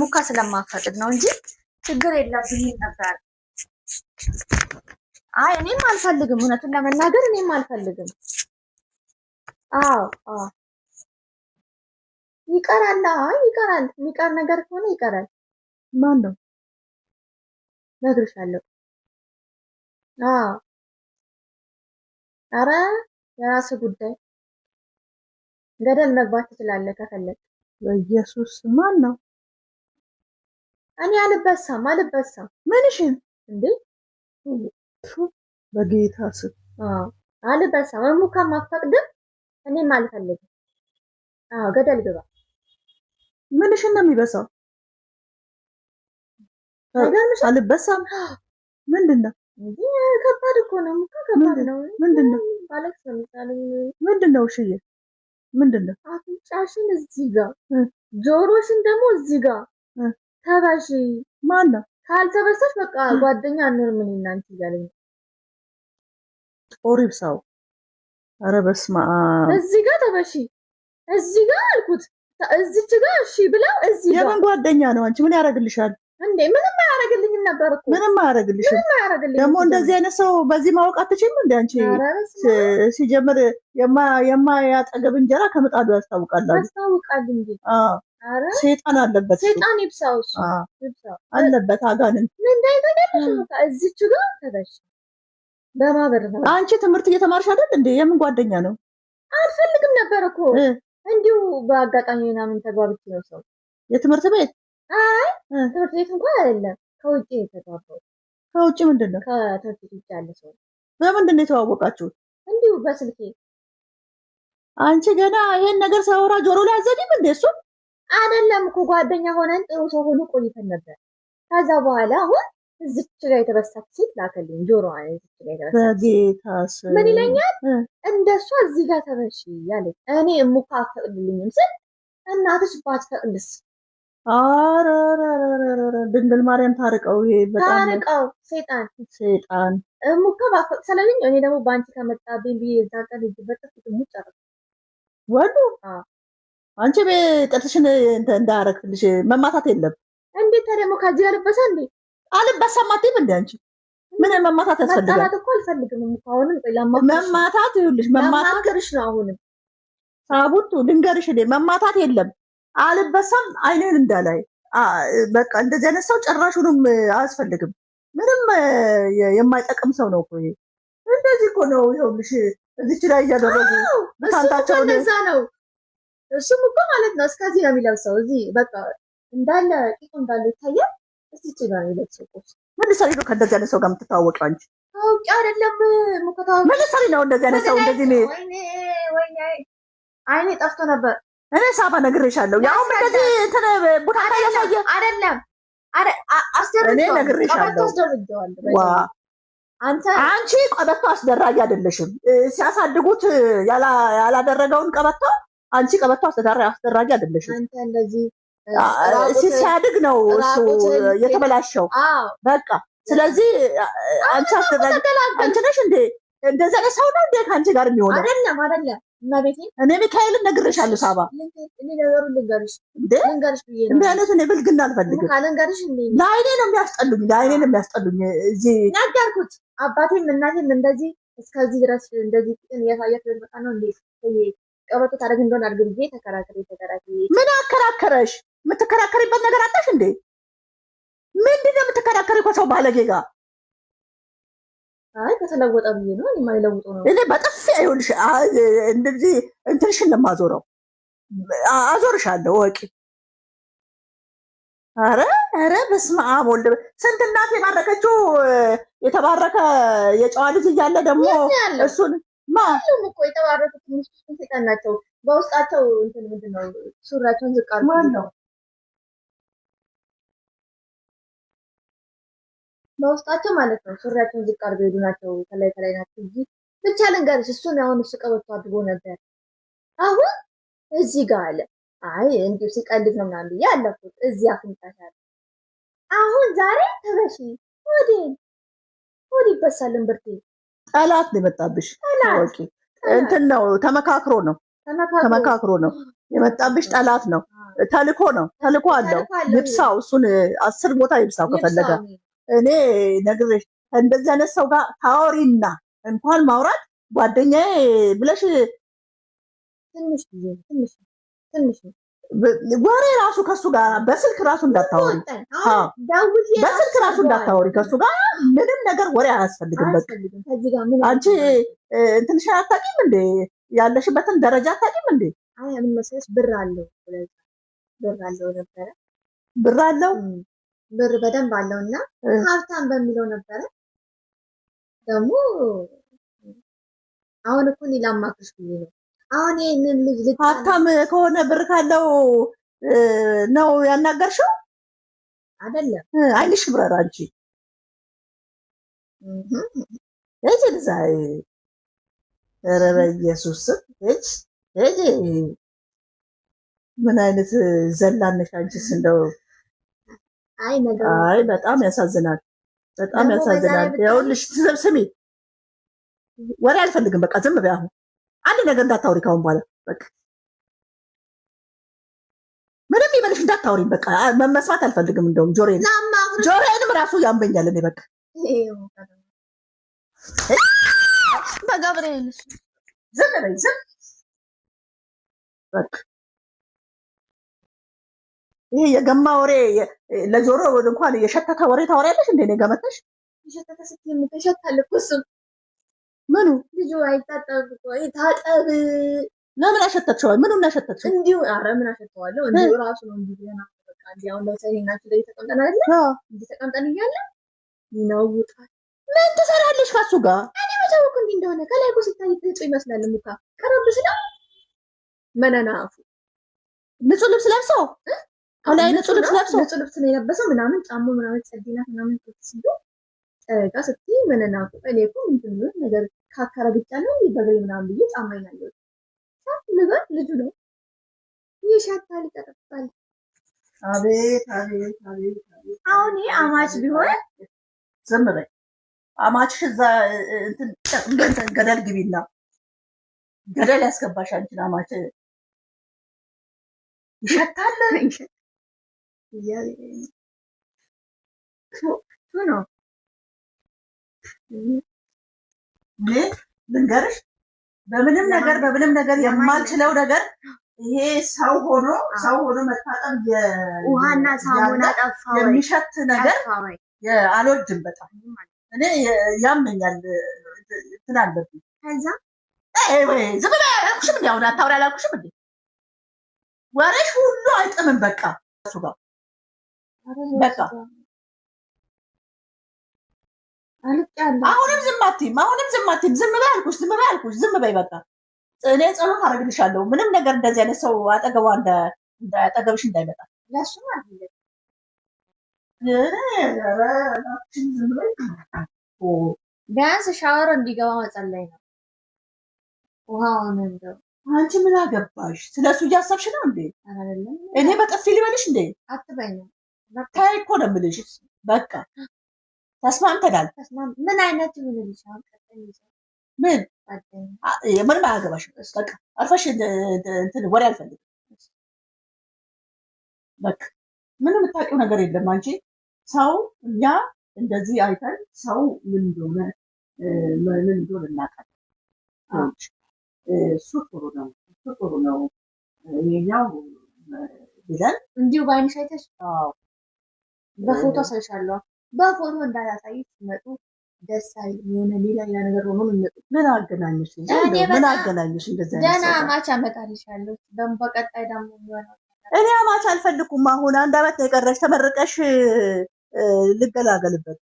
ሙካ ስለማፈቅድ ነው እንጂ ችግር የለብኝም ነበር። አይ እኔም አልፈልግም፣ እውነቱን ለመናገር እኔም አልፈልግም። አዎ አዎ ይቀራል። አይ ይቀራል። የሚቀር ነገር ከሆነ ይቀራል። ማን ነው እነግርሻለሁ። አዎ የራስ ጉዳይ ገደል መግባት ትችላለህ ከፈለግ። በኢየሱስ ማን ነው እኔ አልበሳም አልበሳም። ምንሽን እንዴ በጌታ ስም አልበሳም። እሙካም አትፈቅድም፣ እኔም አልፈልግም። አዎ ገደል ግባ። ምንሽን ነው የሚበሳው? አልበሳም። ምንድን ነው ከባድ እኮ ነው። ሙካ ከባድ ነው። ምንድን ነው ምንድን ነው? እሽዬ ምንድን ነው? አፍንጫሽን እዚህ ጋር ጆሮሽን ደግሞ እዚህ ጋር ተበሺ ማን ነው? ካልተበሰች በቃ ጓደኛ አንሆን ምን እናንቺ እያለኝ ጦር ይብሳው። ኧረ በስመ አብ! እዚህ ጋር ተበሺ፣ እዚህ ጋር አልኩት፣ እዚች ጋር እሺ ብለው እዚህ ጋር የምን ጓደኛ ነው? አንቺ ምን ያደርግልሻል? እንዴ ምንም አያደርግልኝም ነበር እኮ ምንም አያደርግልሽም። ደግሞ እንደዚህ አይነት ሰው በዚህ ማወቅ አትችልም። እንደ አንቺ ሲጀምር የማያጠገብ እንጀራ ከምጣዱ ያስታውቃል ያስታውቃል እንጂ ሴጣን አለበት ሴጣን ይብሳው አለበት አጋንን እዚች ጋ ተበሽ በማበር አንቺ ትምህርት እየተማርሽ አይደል እንዴ? የምን ጓደኛ ነው? አልፈልግም ነበር እኮ እንዲሁ በአጋጣሚ ምናምን ተግባብቼ ነው ሰው የትምህርት ቤት አይ ትምህርት ቤት እንኳን አይደለም፣ ከውጭ የተጠራው። ከውጭ ምንድን ነው? ከትምህርት ቤት ውጭ ያለ ሰው። በምንድን ነው የተዋወቃችሁት? እንዲሁ በስልኬ። አንቺ ገና ይሄን ነገር ሳወራ ጆሮ ላይ አዘዲም እንዴ? እሱ አይደለም እኮ ጓደኛ ሆነን ጥሩ ሰው ሆኖ ቆይተን ነበር። ከዛ በኋላ አሁን እዚች ጋር የተበሳች ሴት ላከልኝ። ጆሮ እዚች ጋር የተበሳች ምን ይለኛል? እንደሷ እዚህ ጋር ተበሽ ያለች እኔ እሙካ አትፈቅድልኝም ስል እናትሽ ባትፈቅድስ ድንግል ማርያም ታርቀው ይሄ በጣም ታርቀው ሴጣን ሴጣን እሙካ ስለልኝ እኔ ደግሞ በአንቺ ከመጣብኝ ብዬ የዛን ቀን እጅ በጥፍ ሙጭ አረ ወዱ አንቺ ጥርስሽን እንዳረግልሽ መማታት የለም እንዴ? ታዲያ ደግሞ ከዚህ አልበሳ እንዴ አልበሳም አትይም እንዴ አንቺ ምን መማታት ያስፈልጋል መጣላት እኮ አልፈልግም እሙካ አሁንም መማታት ይኸውልሽ መማታት ነው አሁንም ሳቡቱ ልንገርሽ እኔ መማታት የለም አልበሳም አይንን እንዳላይ በቃ እንደዚህ አይነት ሰው ጭራሹንም አያስፈልግም። ምንም የማይጠቅም ሰው ነው እኮ ይሄ። እንደዚህ እኮ ነው ይኸውልሽ፣ እዚች ላይ እያደረጉ ሳንታቸው እንደዛ ነው። እሱም እኮ ማለት ነው እስከዚህ ነው የሚለብሰው። እዚህ በቃ እንዳለ ቂጡ እንዳለ ይታያል። እዚች ጋር የሚለብሰው ቆስ መልሰሪ ነው። ከእንደዚህ አይነት ሰው ጋር የምትተዋወቂው አንቺ ታውቂ አይደለም? መልሰሪ ነው እንደዚህ አይነት ሰው እንደዚህ። ወይኔ ወይኔ፣ አይኔ ጠፍቶ ነበር እኔ ሳባ ነግሬሻለሁ። ያውም እንደዚህ እንትን ቦታ ያሳየ አይደለም። እኔ ነግሬሻለሁ። አንቺ ቀበቶ አስደራጊ አይደለሽም። ሲያሳድጉት ያላደረገውን ቀበቶ አንቺ ቀበቶ አስደራጊ አይደለሽም። ሲያድግ ነው እሱ የተበላሸው። በቃ ስለዚህ አንቺ አስደራጊ አንቺ ነሽ እንዴ? እንደዛ ሰው ነው እንዴ ከአንቺ ጋር የሚሆነው? አይደለም አይደለም እኔ ሚካኤልን ነግሬሻለሁ። ሳባ እንደ አይነቱ እኔ ብልግና አልፈልግም። ለአይኔ ነው የሚያስጠሉኝ፣ ለአይኔ ነው የሚያስጠሉኝ። እዚህ ነገርኩት። አባቴም እናቴም እንደዚህ እስከዚህ ድረስ እንደዚህ ጥቅም እያሳያት ልንበቃ ነው እንዴ? ቀበቶ ታደርግ እንደሆን አድርግ ብዬ ተከራከሪ ተከራከሪ። ምን አከራከረሽ? የምትከራከሪበት ነገር አጣሽ እንዴ? ምንድን ነው የምትከራከሪ ከሰው ባለጌ ጋር አይ ከተለወጠ ብዬ ነው የማይለውጠው ነው። እኔ በጥፊ ይኸውልሽ፣ እንደዚህ እንትንሽን ለማዞረው አዞርሻለሁ፣ ወቂ አረ አረ፣ በስመ አብ ወልድ ስንት እናት የባረከችው የተባረከ የጨዋ ልጅ እያለ ደግሞ እሱን ማሉም እኮ የተባረኩት ትንሽ ናቸው። በውስጣቸው እንትን ምንድን ነው ሱራቸውን ዝቃ ነው በውስጣቸው ማለት ነው። ሱሪያቸውን ዝቅ አድርገው ሄዱ ናቸው። ከላይ ከላይ ናቸው እንጂ ብቻ ልንገርሽ፣ እሱን አሁን እሱ ቀበቶ አድርጎ ነበር። አሁን እዚህ ጋር አለ። አይ እንዲሁ ሲቀልድ ነው ምናምን ብዬ አለፉት። እዚህ አፍንጫሽ አሁን ዛሬ ተበሺ ወዴን ወዴ ይበሳልን ብርቴ ጠላት ነው የመጣብሽ። ወቂ እንትን ነው ተመካክሮ ነው ተመካክሮ ነው የመጣብሽ። ጠላት ነው። ተልኮ ነው ተልኮ አለው። ይብሳው እሱን አስር ቦታ ይብሳው ከፈለገ እኔ ነግሬሽ እንደዚህ አይነት ሰው ጋር ታወሪና እንኳን ማውራት ጓደኛዬ ብለሽ ትንሽ ትንሽ ትንሽ ወሬ ራሱ ከሱ ጋር በስልክ ራሱ እንዳታወሪ፣ በስልክ ራሱ እንዳታወሪ። ከሱ ጋር ምንም ነገር ወሬ አያስፈልግም። በቃ አንቺ እንትንሽ አታውቂም እንዴ? ያለሽበትን ደረጃ አታውቂም እንዴ? ምን መሰለሽ፣ ብር አለው ብር አለው ነበረ ብር አለው ብር በደንብ አለው እና ሀብታም በሚለው ነበረ። ደግሞ አሁን እኮ እኔ ላማክርሽ ብዬ ነው። አሁን ይህንን ልጅ ል ሀብታም ከሆነ ብር ካለው ነው ያናገርሽው አይደለም? አይልሽ ብረራ እንጂ እጅ ልዛ ኧረ በኢየሱስ እጅ እጅ ምን አይነት ዘላነሽ አንቺስ እንደው አይ በጣም ያሳዝናል። በጣም ያሳዝናል። ይኸውልሽ ስሚ፣ ወሬ አልፈልግም። በቃ ዝም በይ። አሁን አንድ ነገር እንዳታውሪ ካሁን በኋላ በቃ ምንም ይበልሽ እንዳታውሪም። በቃ መስማት አልፈልግም። እንደውም ጆሮዬን ጆሬንም ራሱ ያንበኛል። እኔ በቃ በገብርኤል ዝም በይ፣ ዝም በቃ ይሄ የገማ ወሬ ለጆሮ እንኳን የሸተተ ወሬ ታወሪያለሽ እንዴ? ነገ ገመተሽ የሸተተ ስትይም ተሸታል እኮ እሱም ምኑ ልጁ አይታጠብ እኮ ይታጠብ። ለምን አሸተትሽው? ምኑ ነው ያሸተትሽው? እንዲሁ ኧረ ምን አሸተዋለሁ? እንዲሁ ራሱ ነው እንዲሁ ገና በቃ እንዲሁ አሁን ለምሳሌ እናንተ ላይ ተቀምጠን አይደለ? እንዲህ ተቀምጠን እያለ ይናውጣል። ምን ትሰራለሽ ከሱ ጋር? እኔ መታወቅ እንዲህ እንደሆነ ከላይ እኮ ስታይ ንጹህ ይመስላል። ሙካ ቀረብ ስለው መነና ንጹህ ልብስ ለብሰው አሁን ላይ ንጹህ ልብስ ንጹህ ልብስ ነው የለበሰው ምናምን ጫሙ ምናምን ጸዲናት ምናምን ሲሉ ጋ ስቲ ምንና እኔ እኮ ነገር ካከረ ብቻ ነው በግሬ ምናምን ብዬ ጫማ ይናለሁ ልበል ልጁ ነው ይሸታል ይጠጠጣል። አቤት አቤት አቤት! አሁን ይሄ አማች ቢሆን ዝም በይ አማችሽ እዛ እንትን ገደል ግቢና ገደል ያስገባሽ አንቺን አማች ይሸታል 嫌で。ቱ de... ነው። ግን ልንገርሽ በምንም ነገር በምንም ነገር የማልችለው ነገር ይሄ ሰው ሆኖ ሰው ሆኖ መታጠብ ውሃና ሳሙና ጠፋው የሚሸት ነገር አልወድም። በጣም እኔ ያመኛል እንትን አለብኝ። ከዛ ዝም ብላ ያላልኩሽም እንዲ አሁን አታውሪ አላልኩሽም እንዴ? ወሬሽ ሁሉ አይጥምም። በቃ እሱ ጋር በቃ አሁንም ዝም አትይም፣ አሁንም ዝም አትይም። ዝም በይ አልኩሽ፣ ዝም በይ አልኩሽ፣ ዝም በይ በቃ። እኔ ጸሎት አደርግልሻለሁ። ምንም ነገር እንደዚህ አይነት ሰው አጠገቧ አጠገብሽ እንዳይመጣ ቢያንስ ሻወር እንዲገባ መጸለይ ነው። ውሃውን አንቺ ምን አገባሽ? ስለሱ እያሰብሽ ነው እንዴ? እኔ በጥፊ ልበልሽ እንዴ? አትበይም ተይ እኮ ነው የምልሽ። በቃ ተስማምተናል። ምን አይነት ምን ምንም አያገባሽም። በቃ አርፈሽ እንትን ወሬ አልፈልግም። በቃ ምን የምታውቂው ነገር የለም አንቺ። ሰው እኛ እንደዚህ አይተን ሰው ምን እንደሆነ ምን እንደሆነ እናውቃለን። እሱ ጥሩ ነው፣ እሱ ጥሩ ነው፣ ይሄኛው ብለን እንዲሁ በአይንሽ አይተሽ በፎቶ አሳይሻለሁ። በፎቶ እንዳያሳይ ሲመጡ ደስ አይልም። የሆነ ሌላ ሌላ ነገር ሆኖ የሚመጡ ምን አገናኘሽ? ምን አገናኘሽ? እንደዚያ ገና አማች አመጣልሻለሁ። በቀጣይ ደግሞ የሚሆነው እኔ አማች አልፈልኩም። አሁን አንድ አመት ነው የቀረሽ። ተመርቀሽ ልገላገልበት